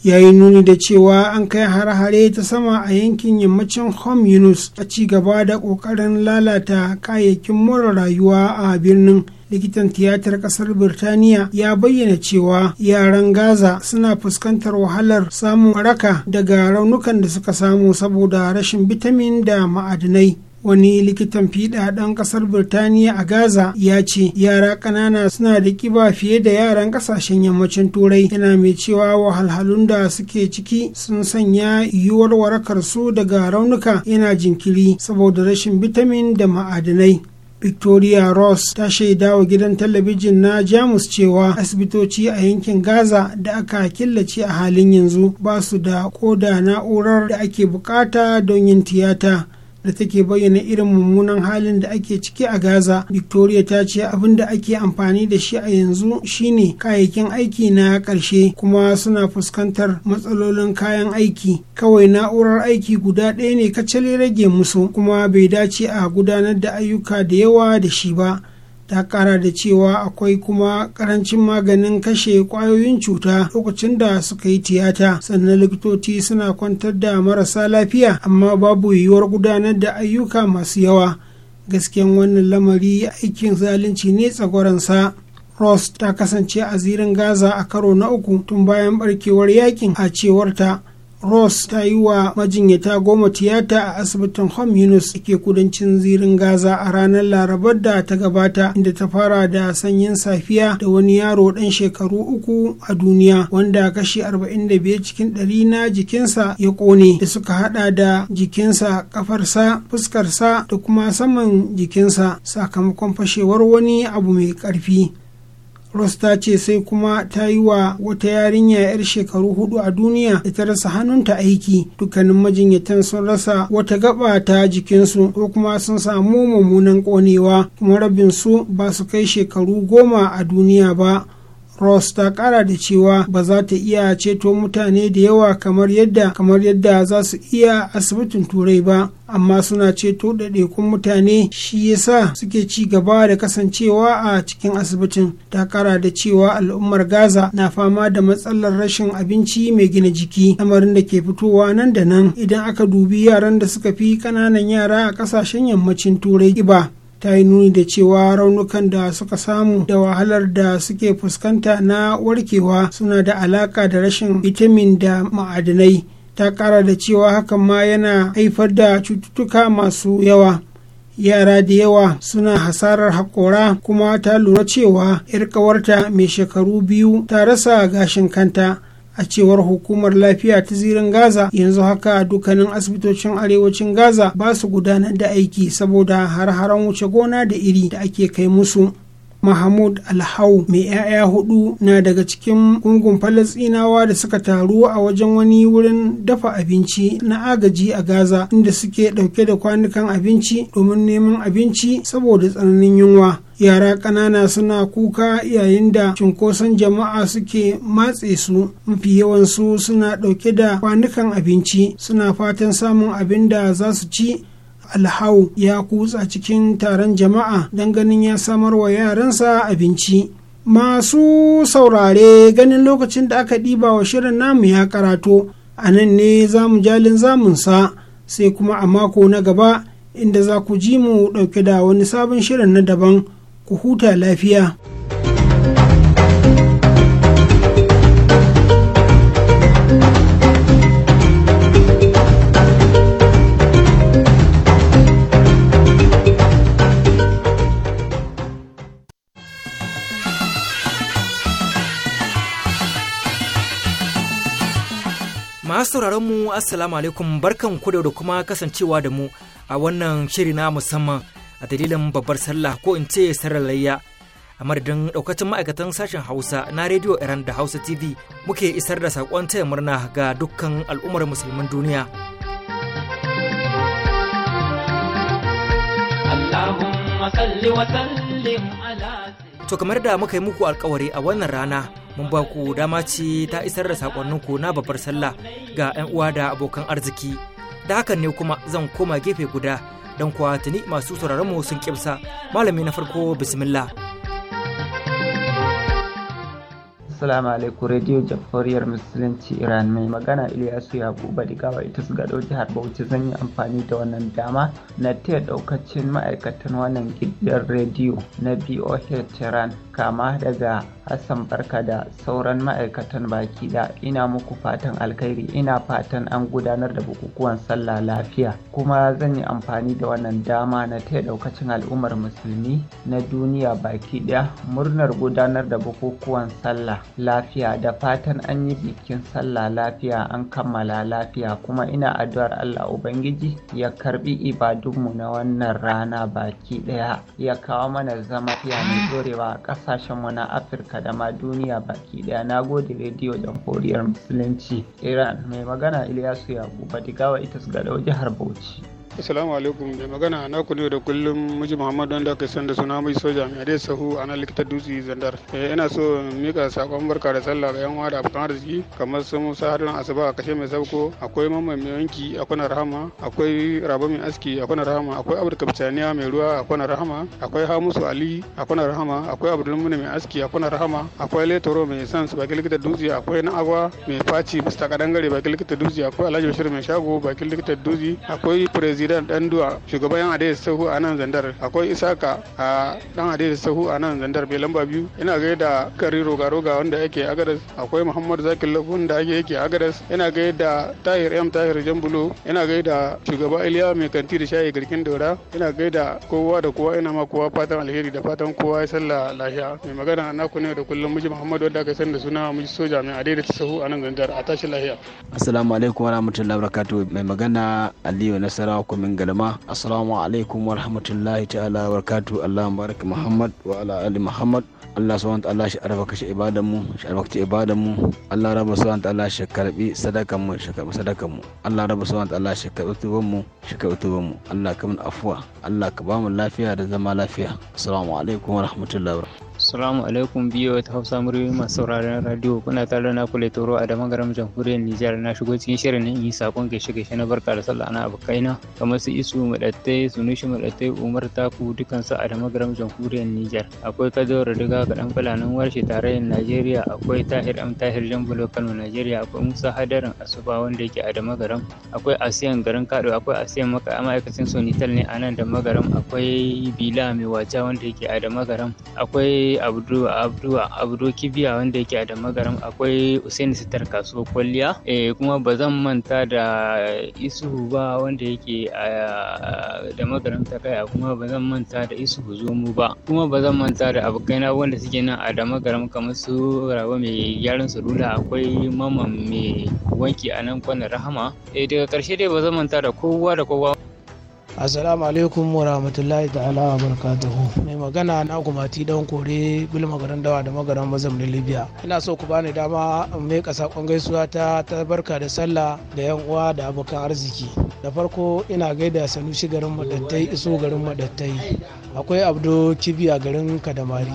ya yi nuni da cewa an kai hare-hare ta sama a yankin yammacin Hom Yunus a ci gaba da ƙoƙarin lalata kayayyakin more rayuwa a birnin. likitan tiyatar kasar birtaniya ya bayyana cewa yaran gaza suna fuskantar wahalar samun waraka daga raunukan da suka samu saboda rashin bitamin da ma'adinai wani likitan fiɗa ɗan ƙasar birtaniya a gaza ya ce yara ƙanana suna da ƙiba fiye da yaran ƙasashen yammacin turai yana mai cewa wahalhalun da suke ciki sun sanya yiwuwar warakar su daga raunuka yana jinkiri saboda rashin bitamin da ma'adinai victoria ross ta shaida wa gidan talabijin na jamus cewa asibitoci a yankin gaza da aka killace a halin yanzu ba su da koda na'urar da ake bukata don yin tiyata da take bayyana irin mummunan halin da ake ciki a gaza victoria ta ce abin da ake amfani da shi a yanzu shine kayayyakin aiki na ƙarshe kuma suna fuskantar matsalolin kayan aiki kawai na'urar aiki guda ɗaya ne kacali rage musu kuma bai dace a gudanar da ayyuka da yawa da shi ba ta kara da cewa akwai kuma karancin maganin kashe kwayoyin cuta lokacin da suka yi tiyata sannan likitoci suna kwantar da marasa lafiya amma babu yiwuwar gudanar da ayyuka masu yawa gasken wannan lamari aikin zalunci ne tsagoransa ross ta kasance a zirin gaza a karo na uku tun bayan barkewar yakin a cewarta ross ta yi wa majinyata goma tiyata a asibitin home yunus ke kudancin zirin gaza a ranar larabar da ta gabata inda ta fara da sanyin safiya da wani yaro ɗan shekaru uku a duniya wanda kashi 45 cikin ɗari na jikinsa ya ƙone da suka haɗa da jikinsa kafarsa fuskarsa da kuma saman jikinsa sakamakon fashewar wani abu mai ƙarfi. Ross ta ce sai kuma ta yi wa wata yarinya 'yar shekaru hudu a duniya da ta rasa hannunta aiki dukkanin majinyatan sun rasa wata gaba ta jikinsu ko kuma sun samu mummunan konewa kuma rabin su ba su kai shekaru goma a duniya ba cross ta kara da cewa ba za ta iya ceto mutane da yawa kamar yadda kamar yadda za su iya asibitin turai ba amma suna ceto ɗaiɗaikun mutane shi yasa suke ci gaba da kasancewa a cikin asibitin ta kara da cewa al'ummar gaza na fama da matsalar rashin abinci mai gina jiki lamarin da ke fitowa nan da nan idan aka dubi yaran da suka fi ƙananan yara a ƙasashen yammacin turai iba ta yi nuni da cewa raunukan da suka samu da wahalar da suke fuskanta na warkewa suna da alaka da rashin vitamin da ma'adinai ta kara da cewa hakan ma yana haifar da cututtuka masu yawa yara da yawa suna hasarar haƙora kuma ta lura cewa 'yar ƙawarta mai shekaru biyu ta rasa gashin kanta a cewar hukumar lafiya ta zirin gaza yanzu haka dukkanin asibitocin arewacin gaza ba su gudanar da aiki saboda har-haren wuce gona da iri da ake kai musu mahmud alhau mai 'ya'ya hudu na daga cikin gungun falasinawa da suka taru a wajen wani wurin dafa abinci na agaji a gaza inda suke ɗauke da kwanukan abinci domin neman abinci saboda tsananin yunwa yara ƙanana suna kuka yayin da cunkoson jama'a suke matse su mafi yawansu suna ɗauke da kwanukan abinci suna fatan samun abin da za su ci alhau ya kutsa cikin taron jama'a don ganin ya samar wa yaransa abinci masu saurare ganin lokacin da aka ɗiba wa shirin namu ya karato a nan ne zamu jalin zamunsa sai kuma a mako na gaba inda za ku ji mu ɗauke da wani sabon shirin na daban ku huta lafiya. Masu sauraron mu Assalamu alaikum barkan ku da kuma kasancewa da mu a wannan shiri na musamman a dalilin babbar sallah ko in ce layya a madadin daukacin ma'aikatan sashen Hausa na rediyo Iran da Hausa TV muke isar da saƙon taya murna ga dukkan al'ummar musulmin duniya. Allahumma salli wa sallim ala To kamar da muka yi muku alkawari a wannan rana mun ba ku dama ce ta isar da sakonninku na babbar sallah ga 'yan uwa da abokan arziki. Da hakan ne kuma zan koma gefe guda don kuwa tuni masu sauraron mu sun kimsa malami na farko bismillah. Assalamu alaikum Radio Jamhuriyar Musulunci Iran mai magana Ilyasu Yakuba Digawa ita su gado jihar Bauchi zan yi amfani da wannan dama na taya daukacin ma'aikatan wannan gidan rediyo na BOH Tehran, kama daga Hassan Barka da sauran ma'aikatan baki da ina muku fatan alkhairi ina fatan an gudanar da bukukuwan sallah lafiya kuma zan yi amfani da wannan dama na taya daukacin al'ummar musulmi na duniya baki daya murnar gudanar da bukukuwan sallah lafiya da fatan an yi bikin sallah lafiya an kammala lafiya kuma ina addu'ar Allah Ubangiji ya karbi ibadunmu na wannan rana baki ɗaya. ya kawo mana zama fiya mai dorewa a kasashenmu na Afirka da ma duniya baki ɗaya, na gode rediyo jamhuriyar musulunci Iran mai magana Ilyasu Yakuba Digawa ita su jihar Bauchi. Assalamu alaikum da magana na ku ne da kullum miji Muhammad wanda ka san da suna mai soja mai dai sahu a nan likitar dutse zandar. Eh, ina so mika sakon barka da sallah ga yan uwa da abokan arziki kamar su Musa Haruna Asuba a kashe mai sauko akwai Mamman mai yanki a kuna rahama akwai Rabo mai aski a kuna rahama akwai Abdul Kapitaniya mai ruwa a kuna rahama akwai hamusu Ali a kuna rahama akwai abu da mai aski a kuna rahama akwai Letoro mai sans bakin likitar dutse akwai na agwa mai faci mista Kadangare bakin likitar dutse akwai Alhaji Bashir mai shago bakin likitar dutse akwai Prezi zirar dan duwa shugaban yan adai sahu a nan zandar akwai isaka a dan adai sahu a nan zandar bai lamba biyu ina gaida kari roga roga wanda yake agadas akwai muhammad zakir lagun da yake yake agadas ina gaida tahir m tahir jambulo ina gaida shugaba iliya mai kanti da shayi garkin daura ina gaida kowa da kowa ina ma kowa fatan alheri da fatan kowa ya sallah lafiya mai magana na ku ne da kullum miji muhammad wanda aka san da suna miji soja mai adai da sahu a nan zandar a tashi lafiya assalamu alaikum warahmatullahi wabarakatuh mai magana aliyu nasarawa kwamin galma assalamu alaikum wa rahmatullahi ta'ala wa barakatu allah barak muhammad wa ala ali muhammad allah subhanahu ta'ala shi arbaka shi ibadan mu shi arbaka ibadan mu allah rabu subhanahu ta'ala shi karbi sadakan mu shi karbi sadakan mu allah rabu subhanahu ta'ala shi karbi tuban mu shi karbi tuban mu allah afuwa allah ka ba mu lafiya da zama lafiya assalamu alaikum wa rahmatullahi wa barakatuh Assalamu alaikum biyo ta Hausa Murmi masu sauraron radio kuna tare na kula toro a daman garin jamhuriyar Nijar na shigo cikin shirin nan yi sakon gaishe gaishe na barka da sallah na abokaina kamar su isu madattai sunushi madatte Umar Taku dukan su a daman garin jamhuriyar Nijar akwai Kadawar Riga ga dan fulanin warshe tarayyar Najeriya akwai Tahir Am Tahir Jambulo Kano Najeriya akwai Musa Hadarin Asuba wanda yake a daman garin akwai Asiyan garin Kado akwai Asiyan maka ma'aikacin Sonitel ne a nan da magaram akwai Bila mai wata wanda yake a daman garin akwai abdu abdu abdu kibiya wanda yake a damagaram akwai usaini sitar kasuwar kwalliya eh kuma ba zan manta da isuhu ba wanda yake a damagaram ta kaya kuma ba zan manta da isuhu zomu ba kuma ba zan manta da abokaina wanda suke nan a damagaram kamar su rawa mai gyaran salula akwai mama mai wanki a nan kwanan rahama eh daga karshe dai ba zan manta da kowa da kowa Assalamu alaikum wa rahmatullahi ta'ala wa barakatuhu. Mai magana na gumati don kore bil magaran dawa da magaran mazam Libya. Ina so ku bani dama mai kasa gaisuwa ta tabarka da sallah da yan uwa da abokan arziki. Da farko ina gaida Sanusi garin Madattai iso garin Madattai. Akwai Abdo Kibiya garin Kadamari.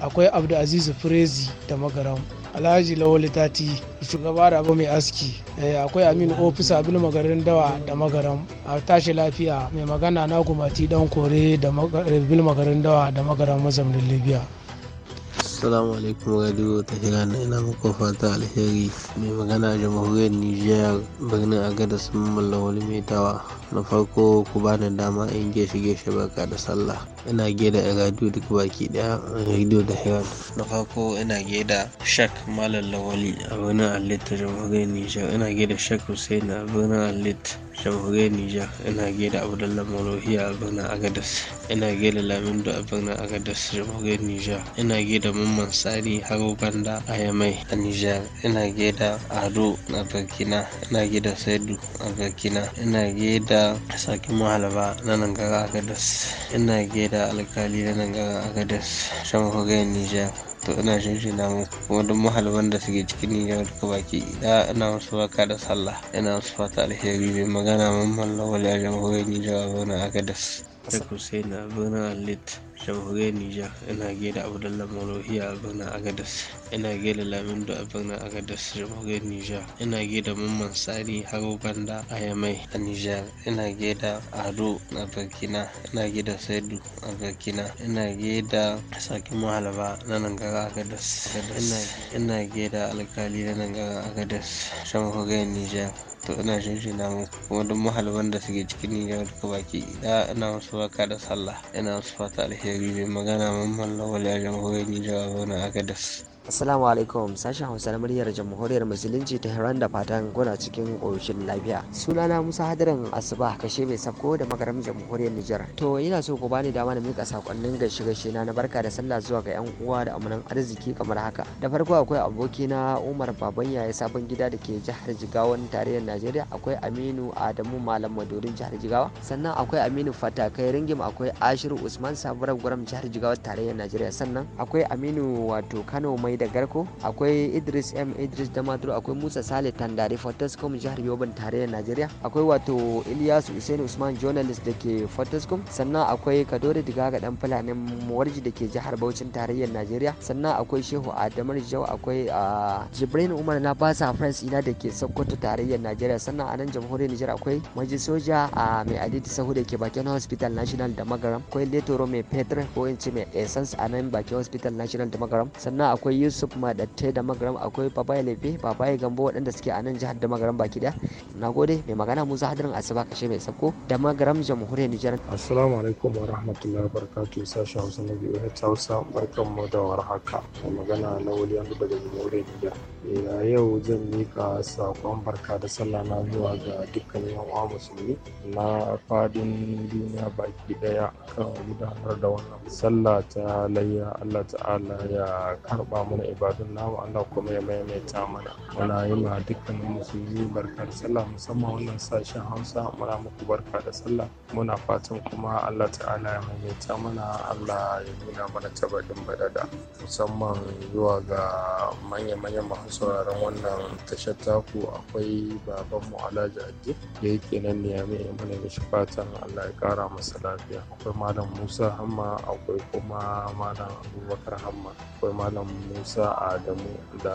Akwai Abdu Azizu Firezi da magaran alhaji lawali tati shugaba da abu mai aski eh, akwai aminu ofisa bil magarin dawa da magaram a tashi lafiya mai magana na gumati dan kore da bil magarin dawa da magaram mazaunin libya Assalamu alaikum radio ta na ina muku fata alheri mai magana a jamhuriyar Nijar birnin Agada sun mallawali mai tawa na farko ku ba ni dama in geshe geshe barka da sallah ina geda a radio duk baki daya radio da Iran na farko ina geda Shak Malam Lawali a birnin Alit ta jamhuriyar Nijar ina geda Shak Hussein a birnin Alit jamhuriyar Nijar ina gaida Abdullahi Malohiya a birnin Agadas ina gaida Lamindo a birnin Agadas jamhuriyar Nijar ina gaida Mamman Sari har Banda a Yamai a Nijar ina gaida Ado a Burkina ina gaida Saidu a Burkina ina gaida sakin Mahalaba na Nangara Agadas ina gaida Alkali na Nangara Agadas jamhuriyar Nijar to ina jinjina muku kuma duk mahalban da suke cikin Nijar duka baki da ina musu baka da sallah ina musu fata alheri mai magana mamman lawal a jamhuriyar Nijar a zauna Agadas. Hussein a birnin Alit. jamhuriyar Nijar ina gaida Abdullah Malohiya a birnin Agadas ina gaida Lamindo a birnin Agadas jamhuriyar Nijar ina gaida Mamman Sani Haro Banda a Yamai a Nijar ina gaida Ado a Burkina ina gaida Saidu a Burkina ina gaida Saki Mahalaba na Nangara Agadas ina gaida Alkali na Nangara Agadas jamhuriyar Nijar to ina jinjina mu kuma duk mahalban da suke cikin Nijar duka baki da ina musu baka da sallah ina musu fata alheri mai magana mamman lawal ya jamhuriyar Nijar a zauna Agadas. Assalamu alaikum sashen Hausa na muryar Jamhuriyar Musulunci ta Hiran da fatan kuna cikin ƙoshin lafiya. Sunana Musa Hadirin Asuba kashe mai sabko da magaram Jamhuriyar Nijar. To yana so ku bani dama na mika sakonnin gaishe gaishe na na barka da sallah zuwa ga yan uwa da amanan arziki kamar haka. Da farko akwai abokina Umar Baban Yaya sabon gida da ke jihar Jigawan tarayyar Najeriya akwai Aminu Adamu Malam Madorin jihar Jigawa sannan akwai Aminu Fatakai Ringim akwai Ashiru Usman Sabuwar Gwaram jihar Jigawa tarayyar Najeriya sannan akwai Aminu wato Kano mai mai da garko akwai idris m idris damaturu akwai musa sale tandare fortescom jihar yobin tarayyar najeriya akwai wato ilyasu usain usman journalist da ke fortescom sannan akwai kadori digaga dan fulani warji da ke jihar bauchin tarayyar najeriya sannan akwai shehu adamar jau akwai a jibrin umar na basa france ina da ke sokoto tarayyar najeriya sannan a nan jamhuriyar nijar akwai maji soja a mai aditi sahu da ke bakin hospital national da magaram akwai letoro mai petr ko in ce mai essence a nan bakin hospital national da magaram sannan akwai yusuf madatte da magaram akwai babaye lefe babaye gambo waɗanda suke a nan jihar da magaram baki daya na gode mai magana musa hadirin asuba kashe mai sabko da magaram jamhuriyar nijar assalamu alaikum wa rahmatullahi wa barakatuhu sashi hausa na biyu ta hausa barkan mu da warhaka mai magana na wuli yanzu daga jamhuriyar nijar eh, a yau zan mika sakon barka da sallah na zuwa ga dukkanin yan musulmi na fadin duniya baki daya kan gudanar da wannan sallah ta layya allah ta'ala ya karba mana ibadun namu Allah kuma ya maimaita mana muna yi ma dukkanin musulmi barkar sallah musamman wannan sashen Hausa muna muku barka da sallah muna fatan kuma Allah ta'ala ya maimaita mana Allah ya nuna mana tabbatin badada musamman zuwa ga manya-manyan masu sauraron wannan tashar taku akwai baban mu Alhaji Addi da yake nan ne ya mai mana mishi fatan Allah ya kara masa lafiya akwai malam Musa Hamma akwai kuma malam Abubakar Hamma akwai malam musa adamu da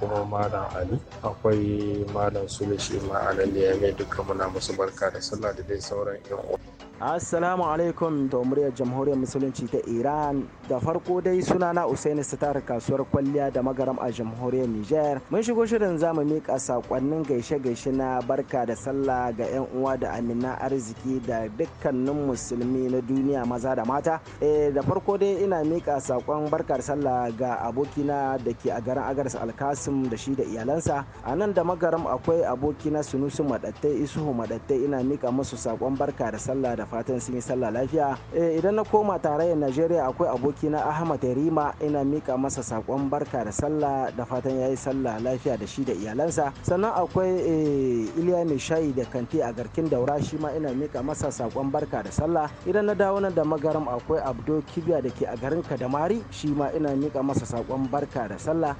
kuma malam ali akwai malam sule shima a nan ne ya mai duka muna musu barka da sallah da dai sauran yan uwa assalamu alaikum da muryar jamhuriyar musulunci ta iran da farko dai sunana usaini sitar kasuwar kwalliya da magaram a jamhuriyar niger mun shigo shirin zamu mika sakonnin gaishe-gaishe na barka da sallah ga 'yan uwa da amina arziki da dukkanin musulmi na duniya maza da mata e, da farko dai ina mika sakon barka da sallah ga abokina dake a garin agaris alkasim da shi da iyalansa a nan da magaram akwai abokina sunusu maɗattai isuhu maɗattai ina mika musu sakon barka da sallah da fatan sun yi sallah lafiya eh, idan na koma tarayyar najeriya akwai aboki na ahmad rima ina mika masa sakon barka da sallah da fatan yayi sallah lafiya da shi da iyalansa sannan akwai eh, iliya mai shayi da kanti a garkin daura shi ma ina mika masa sakon barka da sallah idan na dawo nan da magaram akwai abdo kibiya da ke a garin kadamari shi ma ina mika masa sakon barka da sallah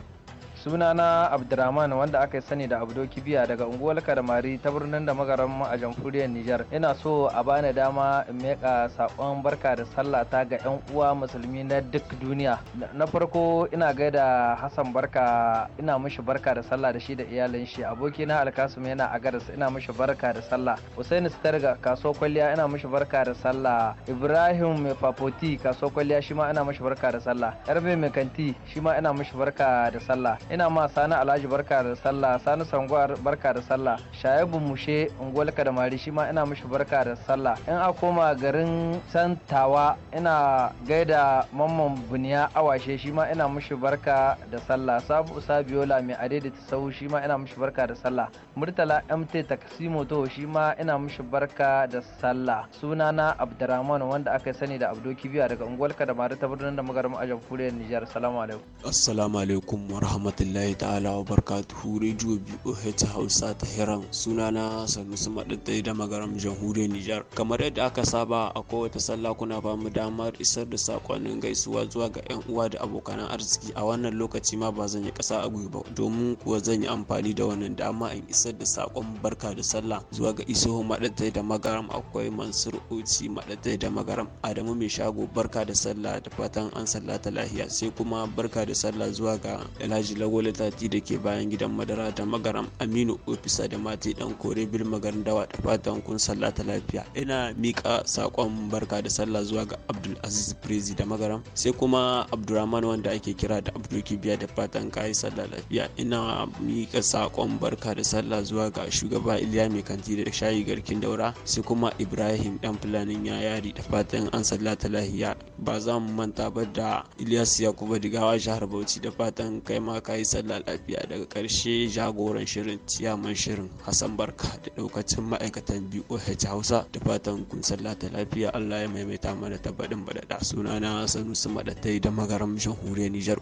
sunana abdurrahman wanda aka sani da abdo kibiya daga unguwar karmari ta birnin da magaran a jamhuriyar nijar ina so a bani dama in meka sakon barka da sallah ta ga yan uwa musulmi na duk duniya na farko ina gaida hassan barka ina mishi barka da sallah da shi da iyalin shi aboki na alkasum yana a gadas ina mishi barka da sallah husaini sitarga kaso kwalliya ina mishi barka da sallah ibrahim mai fafoti kaso kwalliya shi ma ina mishi barka da sallah yarbe mai kanti shi ma ina mishi barka da sallah ina ma sani alhaji barka da sallah sani sanguwar barka da sallah shayabu mushe da kadamari shi ma ina mishi barka da sallah in a koma garin santawa ina gaida mamman buniya awashe shi ma ina mishi barka da sallah sabu sabiola mai adaidaita sahu shi ma ina mishi barka da sallah murtala mt takasimo to shi ma ina mishi barka da sallah sunana abdurrahman wanda aka sani da abdo kibiya daga unguwar kadamari ta birnin da magarama a jamhuriyar nijar salamu alaikum assalamu alaikum wa ta'ala wa barakatuhu radio boh hausa ta hiran sunana sanusi maɗaɗɗai da magarin jamhuriyar nijar kamar yadda aka saba a kowace sallah kuna ba mu damar isar da sakonnin gaisuwa zuwa ga yan uwa da abokan arziki a wannan lokaci ma ba zan yi ƙasa a gwiwa domin kuwa zan yi amfani da wannan dama in isa isar da sakon barka da sallah zuwa ga isuhu madatai da magaram akwai mansur uci madatai da magaram adamu mai shago barka da sallah da fatan an sallata lahiya sai kuma barka da sallah zuwa ga alhaji lawole tati da ke bayan gidan madara da magaram aminu ofisa da mati dan kore bil magarin dawa da fatan kun sallata lafiya ina mika sakon barka da sallah zuwa ga abdul aziz prezi da magaram sai kuma abdurrahman wanda ake kira da abdul kibiya da fatan kayi sallah lafiya ina mika sakon barka da sallah Allah zuwa ga shugaba Iliya mai kanti da shayi garkin daura sai kuma Ibrahim dan fulanin ya yari da fatan an sallata lahiya ba za mu manta ba da Ilyas yakubu Digawa jihar Bauchi da fatan kai ma ka yi sallah lafiya daga karshe jagoran shirin ciyaman shirin Hassan Barka da daukacin ma'aikatan BOH Hausa da fatan kun sallata lafiya Allah ya maimaita mana bada baɗaɗa sunana Sanusi Maɗatai da magaram jamhuriyar Nijar.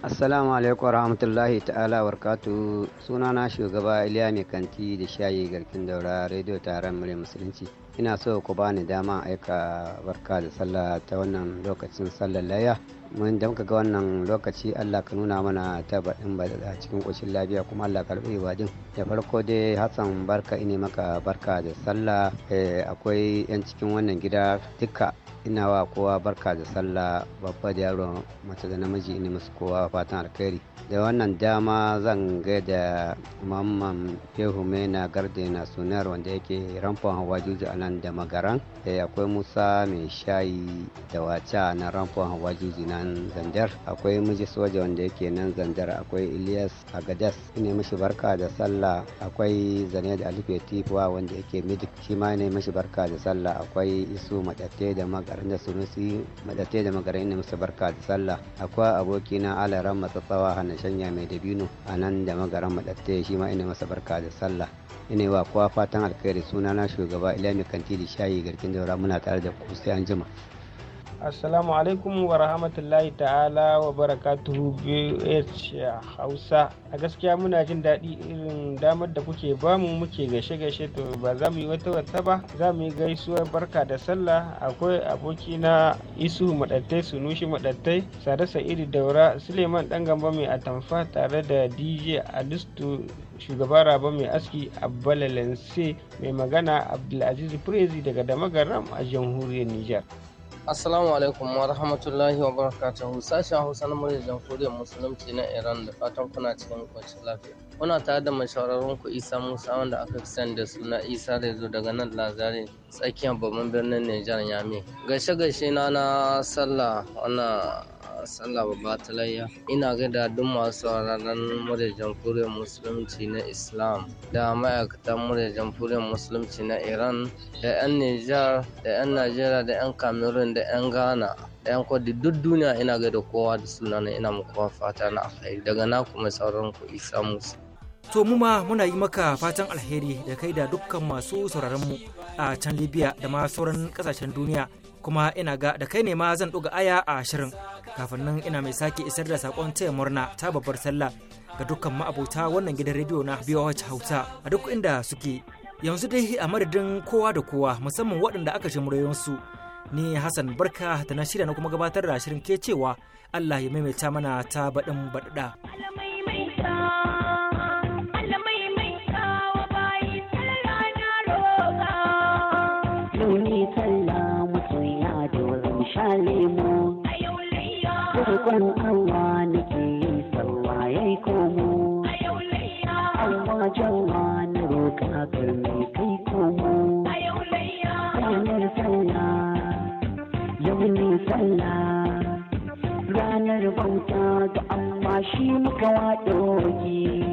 assalamu alaikum rahmatullahi ta'ala barkatu sunana shugaba iliya mai kanti da shayi garkin daura rediyo taron murya musulunci ina so ku bani dama aika barka da sallah ta wannan lokacin sallar layya mun da muka ga wannan lokaci Allah ka nuna mana ta baɗin ba a cikin ƙoshin lafiya kuma Allah ka rufe da farko dai Hassan barka ine maka barka da sallah eh, akwai yan cikin wannan gida duka ina wa kowa barka da sallah babba da yaro mace da namiji ina musu kowa fatan alkhairi da wannan dama zan ga da mamman fehu mena garde na sunar wanda yake ramfon hawa juju a nan da magaran eh, akwai musa mai shayi da wata na ramfon hawa juju na nan zandar akwai miji soja wanda yake nan zandar akwai ilyas agadas ne mashi barka da sallah akwai zane da alife tifuwa wanda yake midik shi ma ne mashi barka da sallah akwai isu matatte da magarin da sunusi matatte da magarin ne mashi barka da sallah akwai abokina alaran matsatsawa hannun shanya mai dabino a nan da magaran matatte shi ma ina masa barka da sallah ina wa kowa fatan alkhairi na shugaba ilami da shayi garkin jaura muna tare da kusa sai an jima assalamu alaikum wa rahmatullahi ta'ala wa barakatuhu bh hausa a gaskiya muna jin daɗi irin damar da kuke bamu muke gaishe-gaishe to ba za mu yi wata wata ba za mu yi gaisuwar barka da sallah akwai aboki na isu maɗattai sunushi maɗattai sada sa'idu daura suleiman ɗan gamba mai atamfa tare da dj alistu shugaba raba mai aski abbalalense mai magana abdulaziz prezi daga damagaram a jamhuriyar niger Assalamu alaikum wa rahmatullahi wa barakatuhu sashen Hausa na murya jamhuriyar musulunci na Iran da fatan kuna cikin kwanci lafiya. Kuna tare da mashawararun ku Isa Musa wanda aka fi sani da suna Isa da zo daga nan Lazare tsakiyar babban birnin Nijar yami Gaishe gaishe na na sallah wannan sallah babba talayya ina gaida duk masu sauraron murya jamhuriyar musulunci na islam da ma'aikatan murya jamhuriyar musulunci na iran da 'yan nijar da 'yan najeriya da 'yan cameroon da 'yan ghana da 'yan kwadi duk duniya ina gaida kowa da suna na ina muku fata na alheri daga na kuma sauran ku isa musu to mu ma muna yi maka fatan alheri da kai da dukkan masu sauraron mu a can libya da ma sauran kasashen duniya kuma ina ga da kai ne ma zan ɗuga aya a shirin kafin nan ina mai sake isar da sakon taya murna ta babbar sallah ga dukkan ma'abota wannan gidan rediyo na BOH hauta a duk inda suke yanzu dai a madadin kowa da kowa musamman waɗanda aka ji su ni Hassan Barka da na shirya na kuma gabatar da shirin ke cewa Allah ya maimaita mana ta baɗin baɗaɗa. mawaƙoƙi